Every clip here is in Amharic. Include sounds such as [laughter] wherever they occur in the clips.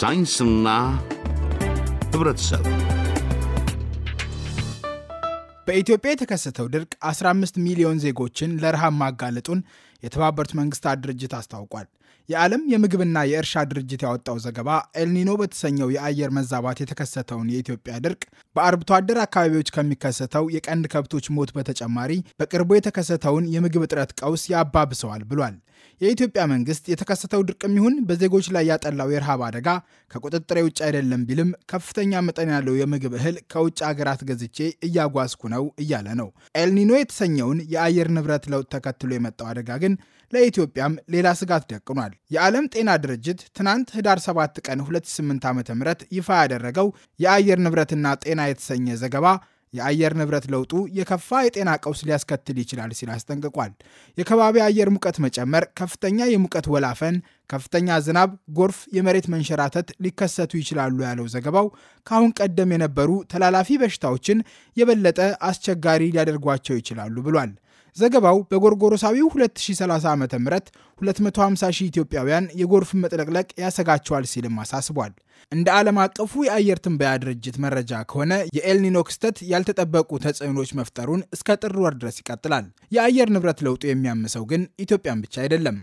ሳይንስና ህብረተሰብ በኢትዮጵያ የተከሰተው ድርቅ 15 ሚሊዮን ዜጎችን ለረሃብ ማጋለጡን የተባበሩት መንግስታት ድርጅት አስታውቋል። የዓለም የምግብና የእርሻ ድርጅት ያወጣው ዘገባ ኤልኒኖ በተሰኘው የአየር መዛባት የተከሰተውን የኢትዮጵያ ድርቅ በአርብቶ አደር አካባቢዎች ከሚከሰተው የቀንድ ከብቶች ሞት በተጨማሪ በቅርቡ የተከሰተውን የምግብ እጥረት ቀውስ ያባብሰዋል ብሏል። የኢትዮጵያ መንግስት የተከሰተው ድርቅም ይሁን በዜጎች ላይ ያጠላው የረሃብ አደጋ ከቁጥጥር ውጭ አይደለም ቢልም ከፍተኛ መጠን ያለው የምግብ እህል ከውጭ ሀገራት ገዝቼ እያጓዝኩ ነው እያለ ነው። ኤልኒኖ የተሰኘውን የአየር ንብረት ለውጥ ተከትሎ የመጣው አደጋ ግን ለኢትዮጵያም ሌላ ስጋት ደቅኗል። የዓለም ጤና ድርጅት ትናንት ህዳር 7 ቀን 2008 ዓ ም ይፋ ያደረገው የአየር ንብረትና ጤና የተሰኘ ዘገባ የአየር ንብረት ለውጡ የከፋ የጤና ቀውስ ሊያስከትል ይችላል ሲል አስጠንቅቋል። የከባቢ አየር ሙቀት መጨመር፣ ከፍተኛ የሙቀት ወላፈን፣ ከፍተኛ ዝናብ፣ ጎርፍ፣ የመሬት መንሸራተት ሊከሰቱ ይችላሉ ያለው ዘገባው ከአሁን ቀደም የነበሩ ተላላፊ በሽታዎችን የበለጠ አስቸጋሪ ሊያደርጓቸው ይችላሉ ብሏል። ዘገባው በጎርጎሮሳዊው 2030 ዓ ም 250 ሺህ ኢትዮጵያውያን የጎርፍ መጥለቅለቅ ያሰጋቸዋል ሲልም አሳስቧል። እንደ ዓለም አቀፉ የአየር ትንበያ ድርጅት መረጃ ከሆነ የኤልኒኖ ክስተት ያልተጠበቁ ተጽዕኖች መፍጠሩን እስከ ጥር ወር ድረስ ይቀጥላል። የአየር ንብረት ለውጡ የሚያምሰው ግን ኢትዮጵያን ብቻ አይደለም።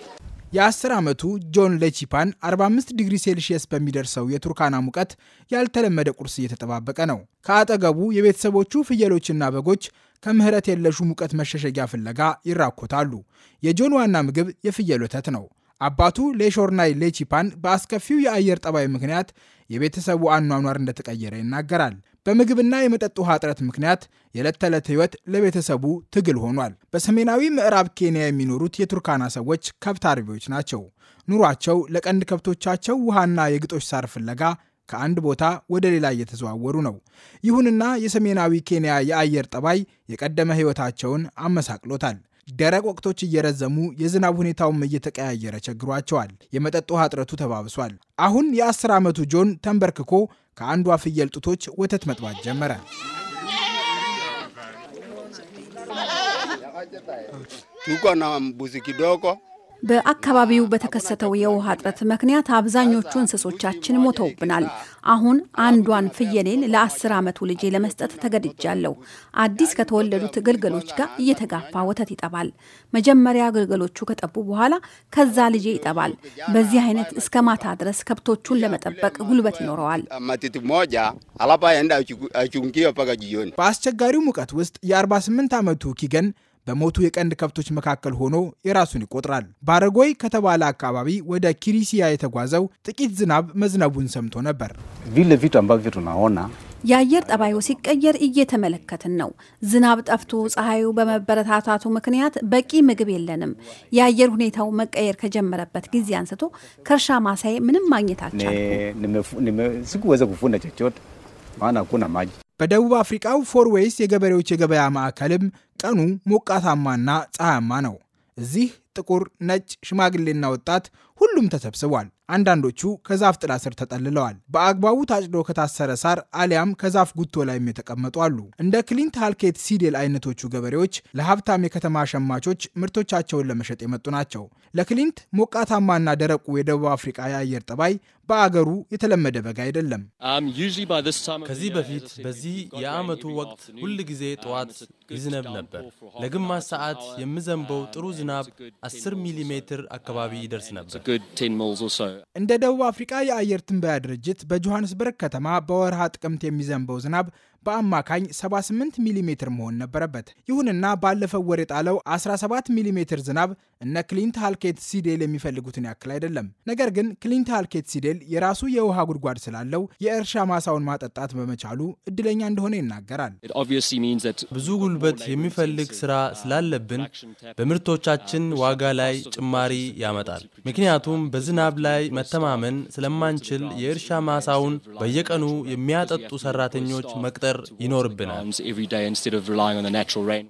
[laughs] የ10 ዓመቱ ጆን ለቺፓን 45 ዲግሪ ሴልሺየስ በሚደርሰው የቱርካና ሙቀት ያልተለመደ ቁርስ እየተጠባበቀ ነው። ከአጠገቡ የቤተሰቦቹ ፍየሎችና በጎች ከምህረት የለሹ ሙቀት መሸሸጊያ ፍለጋ ይራኮታሉ። የጆን ዋና ምግብ የፍየል ወተት ነው። አባቱ ሌሾርናይ ሌቺፓን በአስከፊው የአየር ጠባይ ምክንያት የቤተሰቡ አኗኗር እንደተቀየረ ይናገራል። በምግብና የመጠጥ ውሃ እጥረት ምክንያት የዕለት ተዕለት ሕይወት ለቤተሰቡ ትግል ሆኗል። በሰሜናዊ ምዕራብ ኬንያ የሚኖሩት የቱርካና ሰዎች ከብት አርቢዎች ናቸው። ኑሯቸው ለቀንድ ከብቶቻቸው ውሃና የግጦሽ ሳር ፍለጋ ከአንድ ቦታ ወደ ሌላ እየተዘዋወሩ ነው። ይሁንና የሰሜናዊ ኬንያ የአየር ጠባይ የቀደመ ሕይወታቸውን አመሳቅሎታል። ደረቅ ወቅቶች እየረዘሙ የዝናብ ሁኔታውም እየተቀያየረ ቸግሯቸዋል። የመጠጥ ውሃ እጥረቱ ተባብሷል። አሁን የአስር ዓመቱ ጆን ተንበርክኮ ከአንዷ ፍየል ጡቶች ወተት መጥባት ጀመረ። ቱko na በአካባቢው በተከሰተው የውሃ እጥረት ምክንያት አብዛኞቹ እንስሶቻችን ሞተውብናል። አሁን አንዷን ፍየሌን ለአስር ዓመቱ ልጄ ለመስጠት ተገድጃለሁ። አዲስ ከተወለዱት ግልገሎች ጋር እየተጋፋ ወተት ይጠባል። መጀመሪያ ግልገሎቹ ከጠቡ በኋላ ከዛ ልጄ ይጠባል። በዚህ አይነት እስከ ማታ ድረስ ከብቶቹን ለመጠበቅ ጉልበት ይኖረዋል። በአስቸጋሪው ሙቀት ውስጥ የ48 ዓመቱ ኪገን በሞቱ የቀንድ ከብቶች መካከል ሆኖ የራሱን ይቆጥራል። ባረጎይ ከተባለ አካባቢ ወደ ኪሪሲያ የተጓዘው ጥቂት ዝናብ መዝነቡን ሰምቶ ነበር። የአየር ጠባዩ ሲቀየር እየተመለከትን ነው። ዝናብ ጠፍቶ ፀሐዩ በመበረታታቱ ምክንያት በቂ ምግብ የለንም። የአየር ሁኔታው መቀየር ከጀመረበት ጊዜ አንስቶ ከእርሻ ማሳይ ምንም ማግኘት አልቻልኩም። በደቡብ አፍሪቃው ፎርዌይስ የገበሬዎች የገበያ ማዕከልም ቀኑ ሞቃታማና ፀሐያማ ነው። እዚህ ጥቁር፣ ነጭ፣ ሽማግሌና ወጣት ሁሉም ተሰብስቧል። አንዳንዶቹ ከዛፍ ጥላ ስር ተጠልለዋል። በአግባቡ ታጭዶ ከታሰረ ሳር አሊያም ከዛፍ ጉቶ ላይም የተቀመጡ አሉ። እንደ ክሊንት ሃልኬት ሲዴል አይነቶቹ ገበሬዎች ለሀብታም የከተማ ሸማቾች ምርቶቻቸውን ለመሸጥ የመጡ ናቸው። ለክሊንት ሞቃታማና ደረቁ የደቡብ አፍሪቃ የአየር ጠባይ በአገሩ የተለመደ በጋ አይደለም። um, ከዚህ በፊት በዚህ የዓመቱ ወቅት ሁል ጊዜ ጠዋት ይዝነብ ነበር። ለግማሽ ሰዓት uh, የምዘንበው ጥሩ ዝናብ 10 ሚሜ አካባቢ ይደርስ ነበር። እንደ ደቡብ አፍሪካ የአየር ትንበያ ድርጅት በጆሃንስበርግ ከተማ በወርሃ ጥቅምት የሚዘንበው ዝናብ በአማካኝ 78 ሚሜ መሆን ነበረበት። ይሁንና ባለፈው ወር የጣለው 17 ሚሜ ዝናብ እነ ክሊንት ሃልኬት ሲዴል የሚፈልጉትን ያክል አይደለም። ነገር ግን ክሊንት ሃልኬት ሲዴል የራሱ የውሃ ጉድጓድ ስላለው የእርሻ ማሳውን ማጠጣት በመቻሉ እድለኛ እንደሆነ ይናገራል። ብዙ ጉልበት የሚፈልግ ስራ ስላለብን በምርቶቻችን ዋ ዋጋ ላይ ጭማሪ ያመጣል። ምክንያቱም በዝናብ ላይ መተማመን ስለማንችል የእርሻ ማሳውን በየቀኑ የሚያጠጡ ሰራተኞች መቅጠር ይኖርብናል።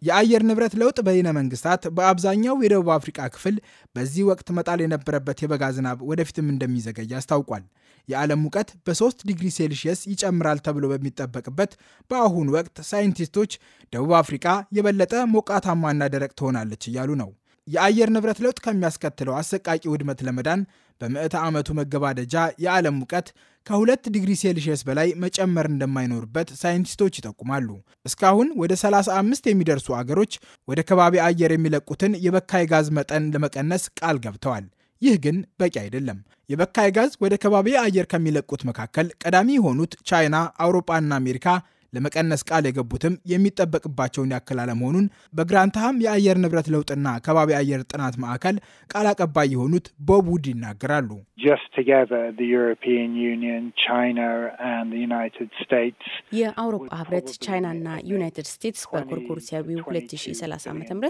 የአየር ንብረት ለውጥ በይነ መንግስታት በአብዛኛው የደቡብ አፍሪቃ ክፍል በዚህ ወቅት መጣል የነበረበት የበጋ ዝናብ ወደፊትም እንደሚዘገይ አስታውቋል። የዓለም ሙቀት በ3 ዲግሪ ሴልሺየስ ይጨምራል ተብሎ በሚጠበቅበት በአሁኑ ወቅት ሳይንቲስቶች ደቡብ አፍሪቃ የበለጠ ሞቃታማና ደረቅ ትሆናለች እያሉ ነው። የአየር ንብረት ለውጥ ከሚያስከትለው አሰቃቂ ውድመት ለመዳን በምዕተ ዓመቱ መገባደጃ የዓለም ሙቀት ከሁለት ዲግሪ ሴልሺየስ በላይ መጨመር እንደማይኖርበት ሳይንቲስቶች ይጠቁማሉ። እስካሁን ወደ 35 የሚደርሱ አገሮች ወደ ከባቢ አየር የሚለቁትን የበካይ ጋዝ መጠን ለመቀነስ ቃል ገብተዋል። ይህ ግን በቂ አይደለም። የበካይ ጋዝ ወደ ከባቢ አየር ከሚለቁት መካከል ቀዳሚ የሆኑት ቻይና፣ አውሮፓና አሜሪካ ለመቀነስ ቃል የገቡትም የሚጠበቅባቸውን ያክል አለመሆኑን በግራንትሃም የአየር ንብረት ለውጥና ከባቢ አየር ጥናት ማዕከል ቃል አቀባይ የሆኑት ቦብ ውድ ይናገራሉ። የአውሮፓ ህብረት፣ ቻይናና ዩናይትድ ስቴትስ በጎርጎሮሳዊ 2030 ዓ ም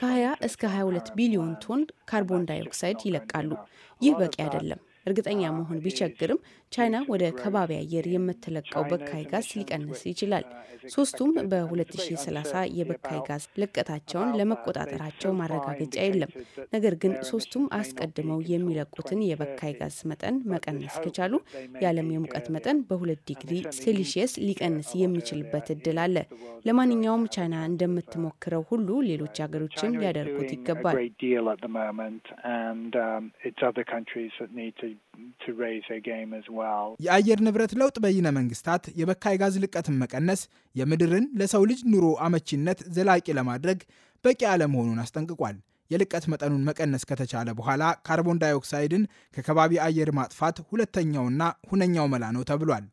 ከ20 እስከ 22 ቢሊዮን ቶን ካርቦን ዳይኦክሳይድ ይለቃሉ። ይህ በቂ አይደለም። እርግጠኛ መሆን ቢቸግርም ቻይና ወደ ከባቢ አየር የምትለቀው በካይ ጋዝ ሊቀንስ ይችላል። ሶስቱም በ2030 የበካይ ጋዝ ልቀታቸውን ለመቆጣጠራቸው ማረጋገጫ የለም። ነገር ግን ሶስቱም አስቀድመው የሚለቁትን የበካይ ጋዝ መጠን መቀነስ ከቻሉ የዓለም የሙቀት መጠን በሁለት ዲግሪ ሴልሺየስ ሊቀንስ የሚችልበት እድል አለ። ለማንኛውም ቻይና እንደምትሞክረው ሁሉ ሌሎች ሀገሮችም ሊያደርጉት ይገባል። and um, it's other countries that need to, to raise their game as well. የአየር ንብረት ለውጥ በይነ መንግስታት የበካይ ጋዝ ልቀትን መቀነስ የምድርን ለሰው ልጅ ኑሮ አመቺነት ዘላቂ ለማድረግ በቂ አለመሆኑን አስጠንቅቋል። የልቀት መጠኑን መቀነስ ከተቻለ በኋላ ካርቦን ዳይኦክሳይድን ከከባቢ አየር ማጥፋት ሁለተኛውና ሁነኛው መላ ነው ተብሏል።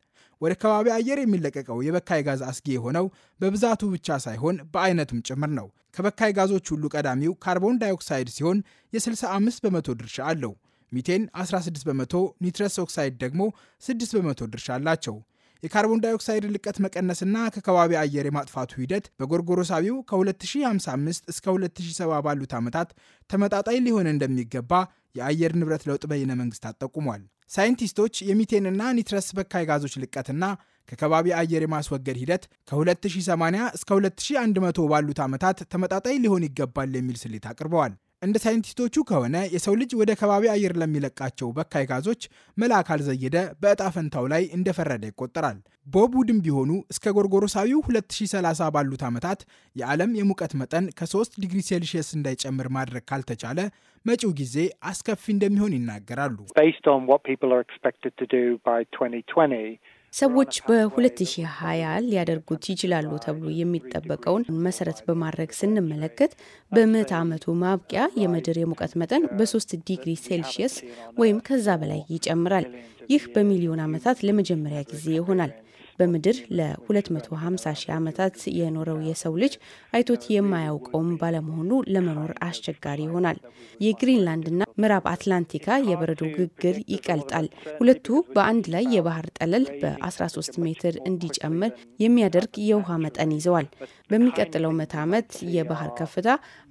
ወደ ከባቢ አየር የሚለቀቀው የበካይ ጋዝ አስጊ የሆነው በብዛቱ ብቻ ሳይሆን በአይነቱም ጭምር ነው። ከበካይ ጋዞች ሁሉ ቀዳሚው ካርቦን ዳይኦክሳይድ ሲሆን የ65 በመቶ ድርሻ አለው። ሚቴን 16 በመቶ፣ ኒትረስ ኦክሳይድ ደግሞ 6 በመቶ ድርሻ አላቸው። የካርቦን ዳይኦክሳይድ ልቀት መቀነስና ከከባቢ አየር የማጥፋቱ ሂደት በጎርጎሮሳቢው ከ2055 እስከ 2070 ባሉት ዓመታት ተመጣጣኝ ሊሆን እንደሚገባ የአየር ንብረት ለውጥ በይነ መንግስታት ጠቁሟል። ሳይንቲስቶች የሚቴንና ኒትረስ በካይ ጋዞች ልቀትና ከከባቢ አየር የማስወገድ ሂደት ከ2080 እስከ 2100 ባሉት ዓመታት ተመጣጣኝ ሊሆን ይገባል የሚል ስሌት አቅርበዋል። እንደ ሳይንቲስቶቹ ከሆነ የሰው ልጅ ወደ ከባቢ አየር ለሚለቃቸው በካይ ጋዞች መልአክ አልዘየደ በእጣ ፈንታው ላይ እንደፈረደ ይቆጠራል። ቦብ ውድም ቢሆኑ እስከ ጎርጎሮሳዊው 2030 ባሉት ዓመታት የዓለም የሙቀት መጠን ከ3 ዲግሪ ሴልሺየስ እንዳይጨምር ማድረግ ካልተቻለ መጪው ጊዜ አስከፊ እንደሚሆን ይናገራሉ። ሰዎች በ2020 ሊያደርጉት ይችላሉ ተብሎ የሚጠበቀውን መሰረት በማድረግ ስንመለከት በምዕተ ዓመቱ ማብቂያ የምድር የሙቀት መጠን በ3 ዲግሪ ሴልሺየስ ወይም ከዛ በላይ ይጨምራል። ይህ በሚሊዮን ዓመታት ለመጀመሪያ ጊዜ ይሆናል። በምድር ለ250 ሺህ ዓመታት የኖረው የሰው ልጅ አይቶት የማያውቀውም ባለመሆኑ ለመኖር አስቸጋሪ ይሆናል። የግሪንላንድና ምዕራብ አትላንቲካ የበረዶ ግግር ይቀልጣል። ሁለቱ በአንድ ላይ የባህር ጠለል በ13 ሜትር እንዲጨምር የሚያደርግ የውሃ መጠን ይዘዋል። በሚቀጥለው ምዕተ ዓመት የባህር ከፍታ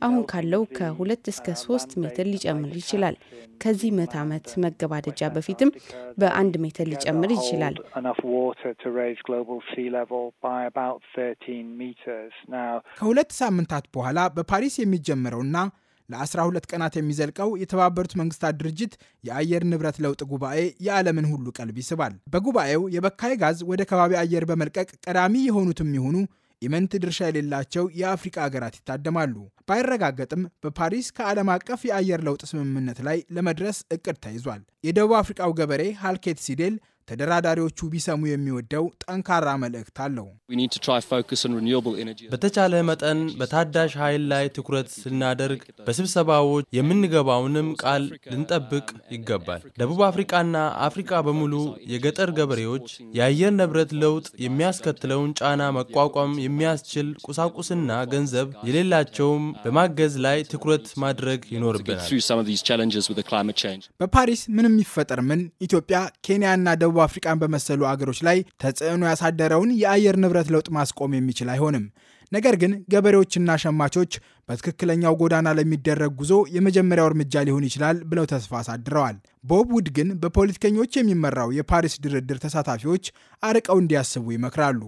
አሁን ካለው ከ2 እስከ 3 ሜትር ሊጨምር ይችላል። ከዚህ መት ዓመት መገባደጃ በፊትም በአንድ ሜትር ሊጨምር ይችላል። ከሁለት ሳምንታት በኋላ በፓሪስ የሚጀምረውና ለ12 ቀናት የሚዘልቀው የተባበሩት መንግስታት ድርጅት የአየር ንብረት ለውጥ ጉባኤ የዓለምን ሁሉ ቀልብ ይስባል። በጉባኤው የበካይ ጋዝ ወደ ከባቢ አየር በመልቀቅ ቀዳሚ የሆኑትም የሆኑ ኢመንት ድርሻ የሌላቸው የአፍሪካ ሀገራት ይታደማሉ። ባይረጋገጥም በፓሪስ ከዓለም አቀፍ የአየር ለውጥ ስምምነት ላይ ለመድረስ እቅድ ተይዟል። የደቡብ አፍሪካው ገበሬ ሃልኬት ሲዴል ተደራዳሪዎቹ ቢሰሙ የሚወደው ጠንካራ መልእክት አለው። በተቻለ መጠን በታዳሽ ኃይል ላይ ትኩረት ስናደርግ በስብሰባዎች የምንገባውንም ቃል ልንጠብቅ ይገባል። ደቡብ አፍሪቃና አፍሪቃ በሙሉ የገጠር ገበሬዎች የአየር ንብረት ለውጥ የሚያስከትለውን ጫና መቋቋም የሚያስችል ቁሳቁስና ገንዘብ የሌላቸውም በማገዝ ላይ ትኩረት ማድረግ ይኖርብናል። በፓሪስ ምንም ይፈጠር ምን ኢትዮጵያ፣ ኬንያና ደቡብ ደቡብ አፍሪቃን በመሰሉ አገሮች ላይ ተጽዕኖ ያሳደረውን የአየር ንብረት ለውጥ ማስቆም የሚችል አይሆንም። ነገር ግን ገበሬዎችና ሸማቾች በትክክለኛው ጎዳና ለሚደረግ ጉዞ የመጀመሪያው እርምጃ ሊሆን ይችላል ብለው ተስፋ አሳድረዋል። ቦብ ውድ ግን በፖለቲከኞች የሚመራው የፓሪስ ድርድር ተሳታፊዎች አርቀው እንዲያስቡ ይመክራሉ።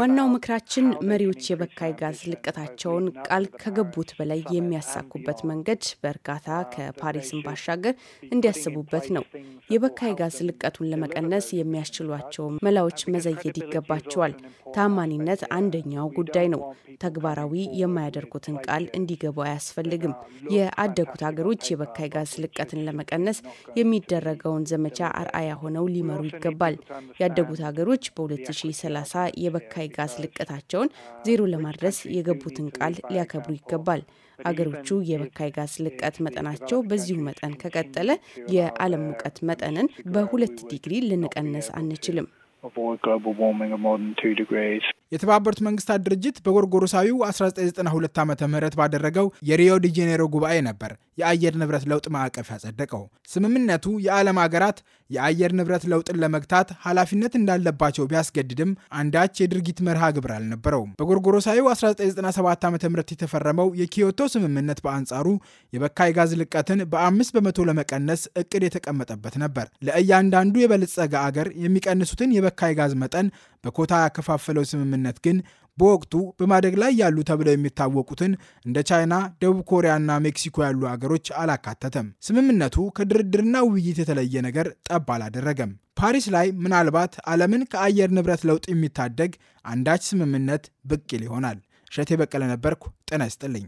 ዋናው ምክራችን መሪዎች የበካይ ጋዝ ልቀታቸውን ቃል ከገቡት በላይ የሚያሳኩበት መንገድ በእርጋታ ከፓሪስን ባሻገር እንዲያስቡበት ነው። የበካይ ጋዝ ልቀቱን ለመቀነስ የሚያስችሏቸው መላዎች መዘየድ ይገባቸዋል። ታማኒነት አንደኛው ጉዳይ ነው። ተግባራዊ የማያደርጉትን ቃል እንዲገቡ አያስፈልግም። የአደጉት ሀገሮች የበካይ ጋዝ ልቀትን ለመቀነስ የሚደረገውን ዘመቻ አርአያ ሆነው ሊመሩ ይገባል። ያደጉት ሀገሮች በ2030 የበካይ ጋዝ ልቀታቸውን ዜሮ ለማድረስ የገቡትን ቃል ሊያከብሩ ይገባል። አገሮቹ የበካይ ጋዝ ልቀት መጠናቸው በዚሁ መጠን ከቀጠለ የዓለም ሙቀት መጠንን በሁለት ዲግሪ ልንቀንስ አንችልም። የተባበሩት መንግስታት ድርጅት በጎርጎሮሳዊው 1992 ዓ ም ባደረገው የሪዮ ዲጄኔሮ ጉባኤ ነበር የአየር ንብረት ለውጥ ማዕቀፍ ያጸደቀው። ስምምነቱ የዓለም አገራት የአየር ንብረት ለውጥን ለመግታት ኃላፊነት እንዳለባቸው ቢያስገድድም አንዳች የድርጊት መርሃ ግብር አልነበረውም። በጎርጎሮሳዊው 1997 ዓ ም የተፈረመው የኪዮቶ ስምምነት በአንጻሩ የበካይ ጋዝ ልቀትን በአምስት በመቶ ለመቀነስ እቅድ የተቀመጠበት ነበር። ለእያንዳንዱ የበለጸገ አገር የሚቀንሱትን የበካይ ጋዝ መጠን በኮታ ያከፋፈለው ስምምነት ግን በወቅቱ በማደግ ላይ ያሉ ተብለው የሚታወቁትን እንደ ቻይና፣ ደቡብ ኮሪያና ሜክሲኮ ያሉ አገሮች አላካተተም። ስምምነቱ ከድርድርና ውይይት የተለየ ነገር ጠብ አላደረገም። ፓሪስ ላይ ምናልባት ዓለምን ከአየር ንብረት ለውጥ የሚታደግ አንዳች ስምምነት ብቅ ይል ይሆናል። እሸቴ በቀለ ነበርኩ። ጤና ይስጥልኝ።